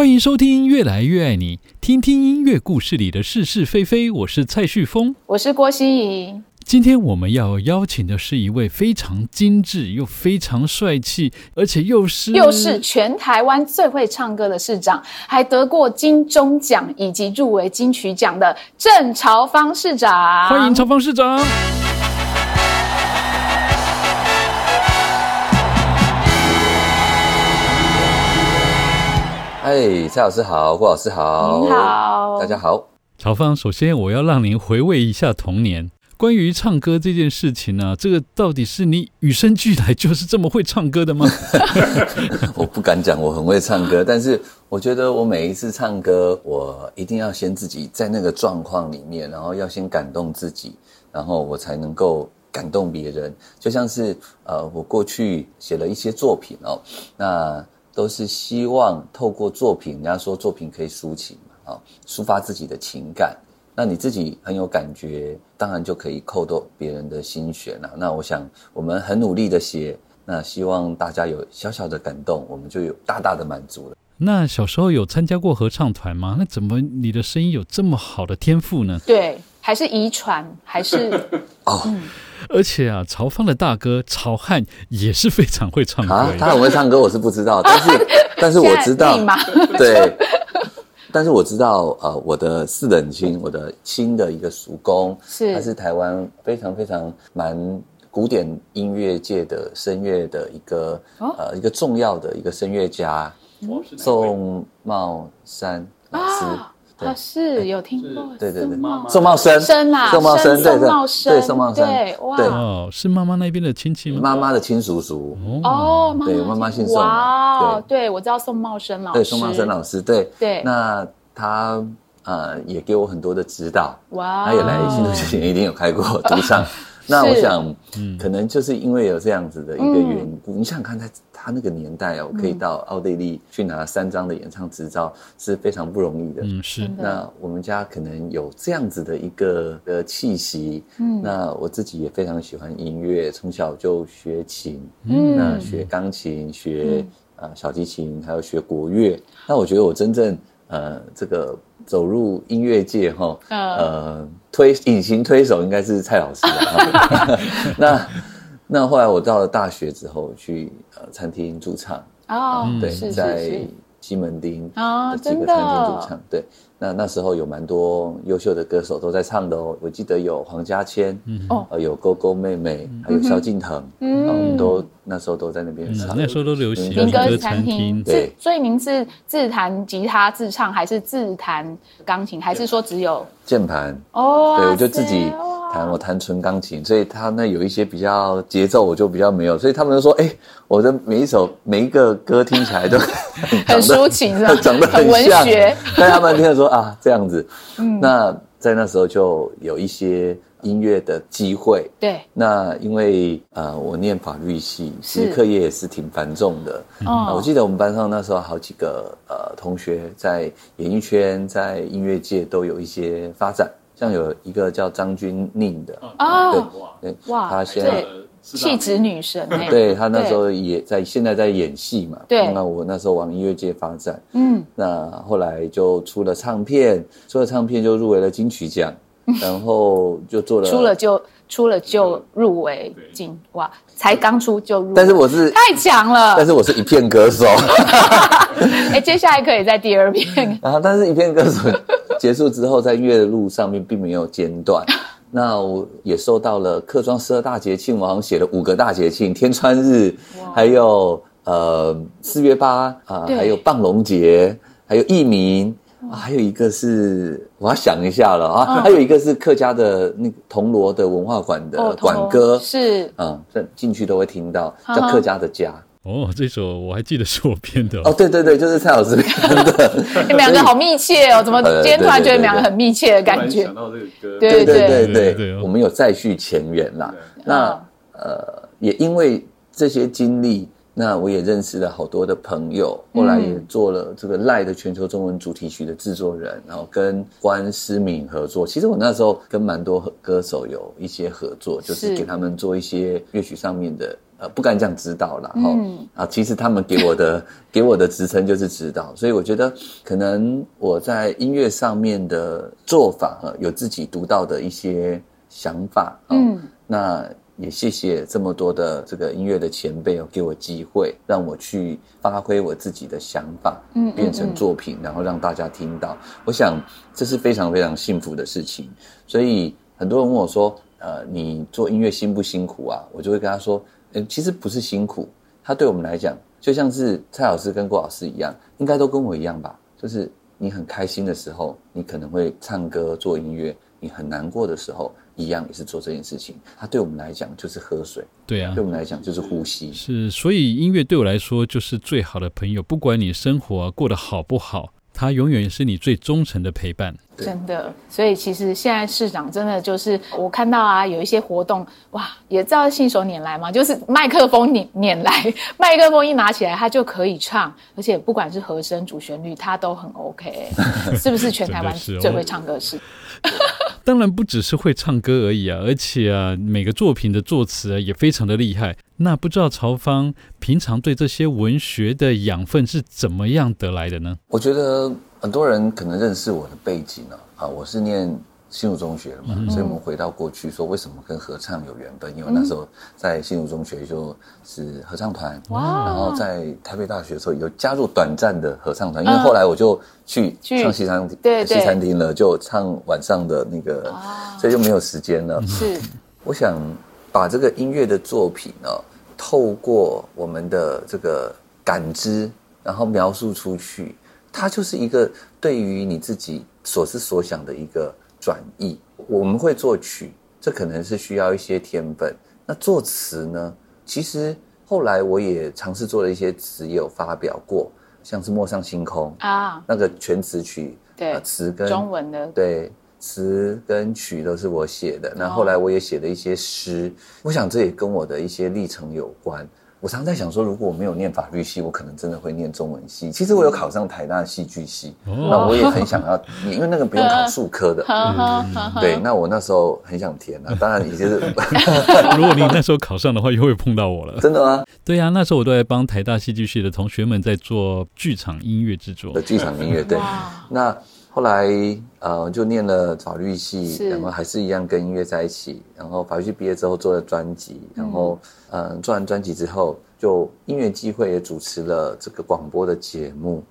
歡迎收聽《樂來越愛你》，聽聽音樂故事裡的是是非非。我是蔡旭峰，我是郭心怡。今天我們要邀請的是一位非常精致又非常帥氣，而且又是又是全台灣最會唱歌的市長，還得過金鐘獎以及入圍金曲獎的鄭朝方市長。歡迎朝方市長。哎，hey, 蔡老師好，郭老師好，你好，大家好，朝方。首先，我要讓您回味一下童年。關於唱歌這件事情呢、啊，這個到底是你與生俱來就是這麼會唱歌的嗎？ 我不敢講我很會唱歌， 但是我覺得我每一次唱歌，我一定要先自己在那個狀況裡面，然後要先感動自己，然後我才能夠感動別人。就像是呃，我過去寫了一些作品哦，那。都是希望透過作品，人家說作品可以抒情嘛，啊、哦，抒發自己的情感。那你自己很有感覺，當然就可以扣到別人的心弦了。那我想，我們很努力的寫，那希望大家有小小的感動，我們就有大大的滿足了。那小時候有參加過合唱團嗎？那怎麼你的聲音有這麼好的天賦呢？對，還是遺傳，還是， 哦。嗯而且啊，朝方的大哥朝漢也是非常會唱歌的，啊、他很會唱歌，我是不知道，但是，啊、但是我知道，對， 但是我知道呃，我的四等親，我的親的一個叔公，是，他是台灣非常非常蠻古典音樂界的聲樂的一個呃一個重要的一個聲樂家，哦、宋茂山老師。哦他是有聽過，對對對，宋茂生，宋茂生，對的，對，宋茂生，對，哇，是媽媽那邊的親戚嗎？媽媽的親叔叔哦，對，媽媽姓宋，對，我知道宋茂生老師，對，宋茂生老師，對，對，那他呃也給我很多的指導，哇，他也來新竹之前一定有開過，賭場。上。那我想，嗯、可能就是因為有這樣子的一個緣故，嗯、你想想看，在他那個年代哦、喔，嗯、可以到奧地利去拿三張的演唱執照是非常不容易的。嗯，是。那我們家可能有這樣子的一個的氣息。嗯，那我自己也非常喜歡音樂，從、嗯、小就學琴。嗯，那學鋼琴，學、嗯、呃小提琴，還有學國樂。那我覺得我真正呃這個。走入音樂界哈，呃，uh, 推隱形推手應該是蔡老師、啊、 那那後來我到了大學之後，去餐廳駐唱啊，唱 oh, 嗯、對，在西門町啊，幾個、oh, 餐廳駐唱，對。那那時候有蠻多優秀的歌手都在唱的哦，我記得有黃嘉千，哦，有勾勾妹妹，還有蕭敬騰，我們都那時候都在那邊唱，那時候都流行民歌餐廳，對，所以您是自彈吉他自唱，還是自彈鋼琴，還是說只有鍵盤？哦，對，我就自己。彈我彈純鋼琴，所以他那有一些比較節奏，我就比較沒有，所以他們就說：“哎、欸，我的每一首每一個歌聽起來都很抒情， 長得很文學。”但他們聽了說：“啊，這樣子。嗯”那在那時候就有一些音樂的機會。對，那因為呃，我念法律系，其實課業也是挺繁重的。哦是、嗯呃，我記得我們班上那時候好幾個呃同學在演藝圈、在音樂界都有一些發展。像有一個叫張鈞寧的啊，哦、對，哇，她現在對氣質女神，嗯、對她那時候也在， 現在在演戲嘛，對。那我那時候往音樂界發展，嗯，那後來就出了唱片，出了唱片就入圍了金曲獎，然後就做了，出 了就。出了就入圍進哇，才剛出就入圍，但是我是太強了。但是，我是一片歌手。 欸、接下來可以再第二遍。 啊，但是，一片歌手結束之後，在樂的路上面並沒有間斷。 那我也收到了客莊十二大節慶，我好像寫了五個大節慶，天穿日，還有呃四月八啊，還有棒龍節，還有義民。.啊、還有一個是我要想一下了啊，嗯、還有一個是客家的那銅鑼的文化館的館頭歌是嗯，進進去都會聽到叫客家的家、uh huh。哦，這首我還記得是我編的哦，哦，對對對，就是蔡老師編的，你們兩個好密切哦，怎麼今天突然覺得你們兩個很密切的感覺？對對對對，我們有再續前緣啦。對那呃，也因為這些經歷，那我也認識了好多的朋友，後來也做了這個《賴》的全球中文主題曲的製作人，嗯、然後跟關思敏合作。其實我那時候跟蠻多歌手有一些合作，就是給他們做一些樂曲上面的，是呃，不敢這樣指導啦哈。哦嗯、啊，其實他們給我的 給我的職稱就是指導，所以我覺得可能我在音樂上面的做法啊、呃，有自己獨到的一些想法。哦、嗯，那。也謝謝這麼多的這個音樂的前輩哦，給我機會，讓我去發揮我自己的想法，嗯，嗯，嗯，變成作品，然後讓大家聽到。我想這是非常非常幸福的事情。所以很多人問我說：“呃，你做音樂辛不辛苦啊？”我就會跟他說：“呃、欸，其實不是辛苦，它對我們來講，就像是蔡老師跟郭老師一樣，應該都跟我一樣吧。就是你很開心的時候，你可能會唱歌，做音樂；你很難過的時候。”一樣也是做這件事情，它對我們來講就是喝水。對啊，對我們來講就是呼吸。是，所以音樂對我來說就是最好的朋友，不管你生活、啊、過得好不好，它永遠是你最忠誠的陪伴。對真的，所以其實現在市長真的就是我看到啊，有一些活動哇，也知道信手拈來嘛，就是麥克風拈拈來，麥克風一拿起來他就可以唱，而且不管是和聲主旋律，他都很 OK， 是不是全台灣最會唱歌 是、哦？ 當然不只是會唱歌而已啊，而且啊，每個作品的作詞啊也非常的厲害。那不知道朝方平常對這些文學的養分是怎麼樣得來的呢？我覺得很多人可能認識我的背景啊，啊，我是念。新竹中學了嘛，嗯、所以我們回到過去，說為什麼跟合唱有緣分？嗯、因為那時候在新竹中學就是合唱團，嗯、然後在台北大學的時候有加入短暫的合唱團，嗯、因為後來我就去唱西餐廳，去西餐廳了，對對對，就唱晚上的那個，哇所以就沒有時間了。是，我想把這個音樂的作品呢、哦，透過我們的這個感知，然後描述出去，它就是一個對於你自己所思所想的一個。轉譯，我們會作曲，這可能是需要一些天分。那作詞呢？其實後來我也嘗試做了一些詞，也有發表過，像是《陌上星空》啊，那個全詞曲，對、呃、詞跟中文的，對，詞跟曲都是我寫的。那後，後來我也寫了一些詩，哦、我想這也跟我的一些歷程有關。我常常在想說，如果我沒有念法律系，我可能真的會念中文系。其實我有考上台大戲劇系，哦、那我也很想要，因為那個不用考數科的。嗯、對，那我那時候很想填啊， 當然也就是， 如果你那時候考上的話，又會碰到我了。真的嗎？對呀、啊，那時候我都在幫台大戲劇系的同學們在做劇場音樂製作的劇場音樂，對，哇那。後來，呃，就念了法律系，是然後還是一樣跟音樂在一起。然後法律系畢業之後做了專輯，然後嗯、呃，做完專輯之後，就音樂機會也主持了這個廣播的節目。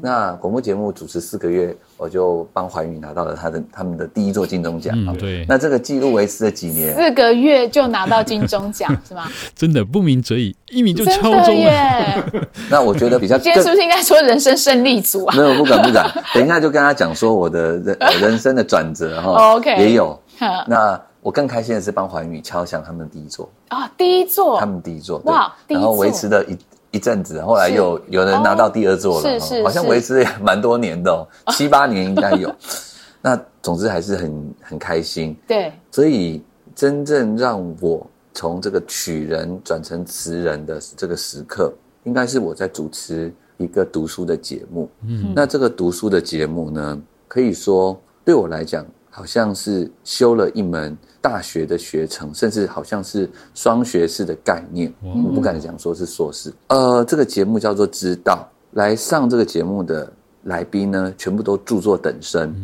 那廣播節目主持四個月，我就幫懷宇拿到了他的他們的第一座金鐘獎。對，那這個記錄維持了幾年？四個月就拿到金鐘獎是嗎？真的不鳴則已，一鳴就敲鐘耶。那我覺得比較今天是不是應該說人生勝利組啊？沒有，不敢不敢，等一下就跟他講說我的人人生的轉折哈。OK，也有。那我更開心的是幫懷宇敲響他們第一座啊，第一座，他們第一座哇，然後維持了一。一陣子，後來又有，是有人拿到第二座了，好像維持也蠻多年的，哦。是是是，七八年應該有。哦、 那總之還是很很開心。對，所以真正讓我從這個曲人轉成詞人的這個時刻，應該是我在主持一個讀書的節目。嗯，嗯，那這個讀書的節目呢，可以說對我來講，好像是修了一門。大學的學程，甚至好像是雙學士的概念，嗯嗯嗯，我不敢講說是碩士。呃，這個節目叫做《知道》，來上這個節目的來賓呢，全部都著作等身，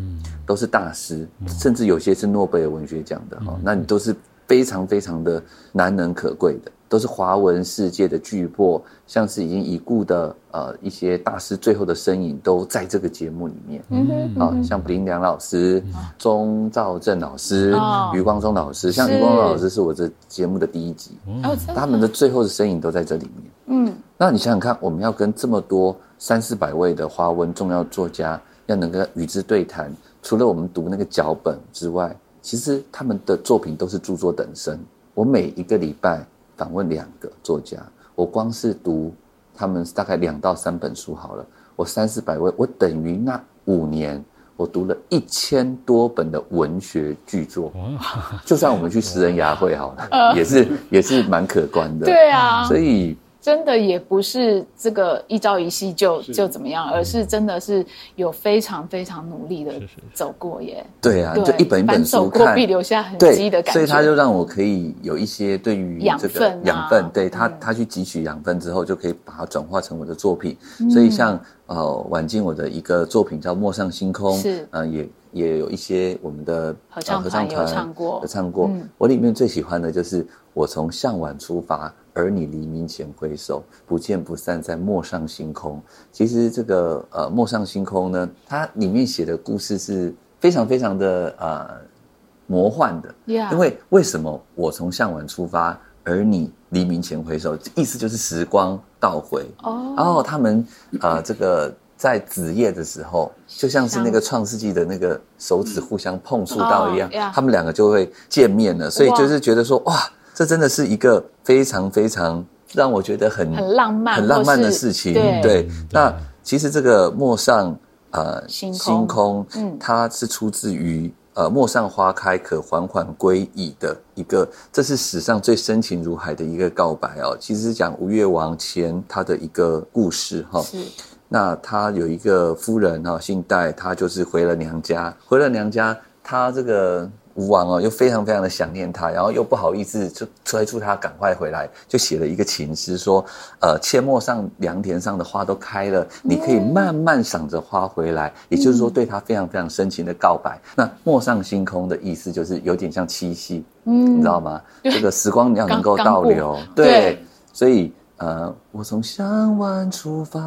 都是大師，甚至有些是諾貝爾文學獎的嗯嗯嗯哦。那你都是非常非常的難能可貴的。都是華文世界的巨擘，像是已經已故的呃，一些大師最後的身影都在這個節目裡面。嗯哼，啊、哦，像林良老師、鍾、嗯、肇政老師、哦、余光中老師，像余光中老師是我這節目的第一集，是他們的最後的身影都在這裡面。嗯，那你想想看，我們要跟這麼多三四百位的華文重要作家要能夠與之對談，除了我們讀那個腳本之外，其實他們的作品都是著作等身。我每一個禮拜訪問兩個作家，我光是讀他們大概兩到三本書好了，我三四百位，我等於那五年，我讀了一千多本的文學巨作。哇 就算我們去食人牙會好了，呃、也是也是蠻可觀的，對啊，所以。真的也不是這個一朝一夕就是就怎麼樣，而是真的是有非常非常努力的走過耶。是是是是對啊，對就一本一本書看，必留下痕跡的感覺。所以他就讓我可以有一些對於養分、啊，養分、嗯，對他他去汲取養分之後，就可以把它轉化成我的作品。嗯、所以像呃晚近我的一個作品叫《陌上星空》，是啊、呃，也也有一些我們的合唱團唱，唱過。唱過、嗯，我裡面最喜歡的就是我從向晚出發，而你黎明前回首，不見不散在陌上星空。其實這個呃，陌上星空呢，它裡面寫的故事是非常非常的呃，魔幻的。因為為什麼我從向晚出發，而你黎明前回首，意思就是時光倒回。哦，oh. 然後他們呃這個在子夜的時候，就像是那個創世紀的那個手指互相碰觸到一樣，oh. Oh. Yeah. 他們兩個就會見面了。所以就是覺得說 Wow. 哇。這真的是一個非常非常讓我覺得很很浪漫、很浪漫的事情。是對，對對，那其實這個陌上、呃、星空，星空嗯，它是出自於呃、“陌上花開，可緩緩歸矣”的一個，這是史上最深情如海的一個告白哦。其實講吳越王錢他的一個故事哈、哦。是那他有一個夫人哈、哦，姓戴，她就是回了娘家，回了娘家，她這個。吳王哦，又非常非常的想念他，然後又不好意思，就催促他趕快回來，就寫了一個情詩，說：“呃，阡陌上良田上的花都開了，Yeah. 你可以慢慢賞着花回來。”也就是說，對他非常非常深情的告白。嗯、那“陌上星空”的意思就是有點像七夕，嗯，你知道嗎？對這個時光你要能夠倒流，對，對，所以呃，我從向晚出發，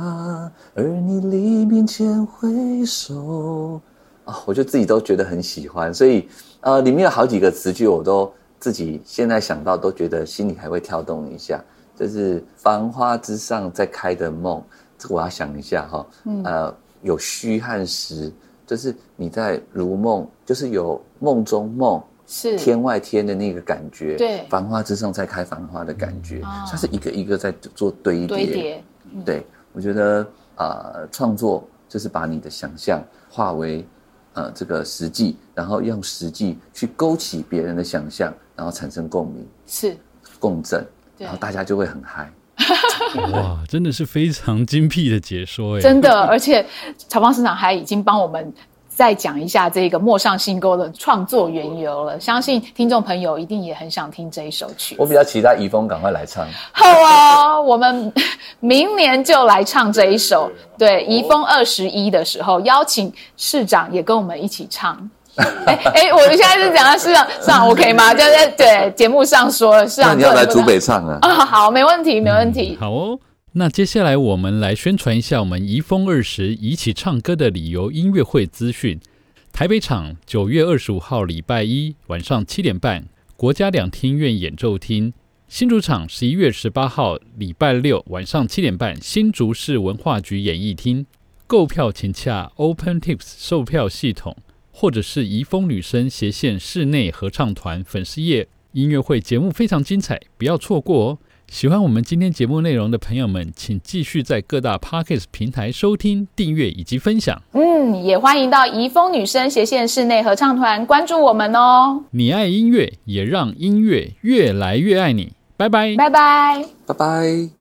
而你黎明前回首。哦，我就自己都覺得很喜歡，所以，呃，裡面有好幾個詞句我都自己現在想到都覺得心裡還會跳動一下。就是繁花之上再開的夢，這個我要想一下哈、哦。嗯。呃，有虛和實，就是你在如夢，就是有夢中夢，是天外天的那個感覺。對。繁花之上再開繁花的感覺，它、嗯、是一個一個在做堆疊。堆疊、嗯、對，我覺得呃創作就是把你的想象化為。呃，這個實際，然後用實際去勾起別人的想象，然後產生共鳴，是共振整，對然後大家就會很嗨。對 哇，真的是非常精闢的解說欸！真的，而且朝方 市長還已經幫我們。再講一下這個《陌上新歌》的創作緣由了，相信聽眾朋友一定也很想聽這一首曲。我比較期待怡風趕快來唱。好啊 Hello,，我們明年就來唱這一首。對，對，對，怡風二十一的時候邀請市長也跟我們一起唱。哎、 欸，誒、欸、我現在是講到市長，市長我可以嗎？就在、是、對節目上說了，市長，那你要，要來竹北唱啊？啊，好，沒問題，沒問題。嗯、好、哦。那接下來我們來宣傳一下我們移風二十一起唱歌的理由音樂會資訊。台北場九月二十五號禮拜一晚上七點半，國家兩廳院演奏廳；新竹場十一月十八號禮拜六晚上七點半，新竹市文化局演藝廳。購票請洽 OPENTIX 售票系統，或者是移風女聲斜線室內合唱團粉絲頁。音樂會節目非常精彩，不要錯過哦。喜歡我們今天節目內容的朋友們，請繼續在各大 Podcast 平台收聽、訂閱以及分享。嗯，也歡迎到宜豐女聲斜線室內合唱團關注我們哦。你愛音樂，也讓音樂越來越愛你。拜拜，拜拜 bye，拜拜。